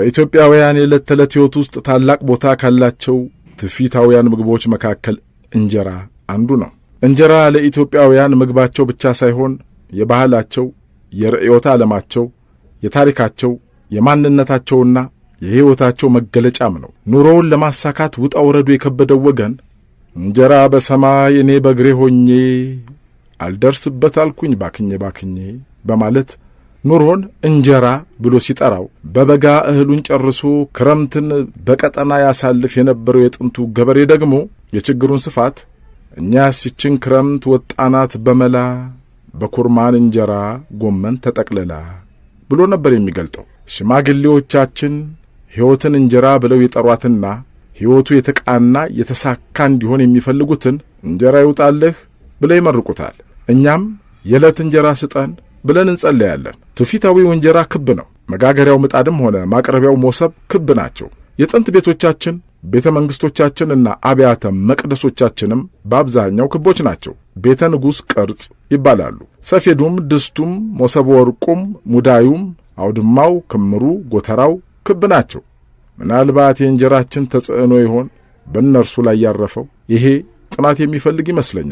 በኢትዮጵያውያን የዕለት ተዕለት ሕይወት ውስጥ ታላቅ ቦታ ካላቸው ትውፊታውያን ምግቦች መካከል እንጀራ አንዱ ነው። እንጀራ ለኢትዮጵያውያን ምግባቸው ብቻ ሳይሆን የባህላቸው፣ የርዕዮተ ዓለማቸው፣ የታሪካቸው፣ የማንነታቸውና የሕይወታቸው መገለጫም ነው። ኑሮውን ለማሳካት ውጣ ውረዱ የከበደው ወገን እንጀራ በሰማይ እኔ በእግሬ ሆኜ አልደርስበት አልኩኝ ባክኜ ባክኜ በማለት ኑሮን እንጀራ ብሎ ሲጠራው በበጋ እህሉን ጨርሶ ክረምትን በቀጠና ያሳልፍ የነበረው የጥንቱ ገበሬ ደግሞ የችግሩን ስፋት እኛስ ይችን ክረምት ወጣናት በመላ በኩርማን እንጀራ ጎመን ተጠቅልላ ብሎ ነበር የሚገልጠው። ሽማግሌዎቻችን ሕይወትን እንጀራ ብለው የጠሯትና ሕይወቱ የተቃና የተሳካ እንዲሆን የሚፈልጉትን እንጀራ ይውጣልህ ብለው ይመርቁታል። እኛም የዕለት እንጀራ ስጠን ብለን እንጸለያለን። ትውፊታዊው እንጀራ ክብ ነው። መጋገሪያው ምጣድም ሆነ ማቅረቢያው ሞሰብ ክብ ናቸው። የጥንት ቤቶቻችን ቤተ መንግሥቶቻችንና አብያተ መቅደሶቻችንም በአብዛኛው ክቦች ናቸው። ቤተ ንጉሥ ቅርጽ ይባላሉ። ሰፌዱም፣ ድስቱም፣ ሞሰብ ወርቁም፣ ሙዳዩም፣ አውድማው፣ ክምሩ፣ ጎተራው ክብ ናቸው። ምናልባት የእንጀራችን ተጽዕኖ ይሆን በእነርሱ ላይ ያረፈው? ይሄ ጥናት የሚፈልግ ይመስለኛል።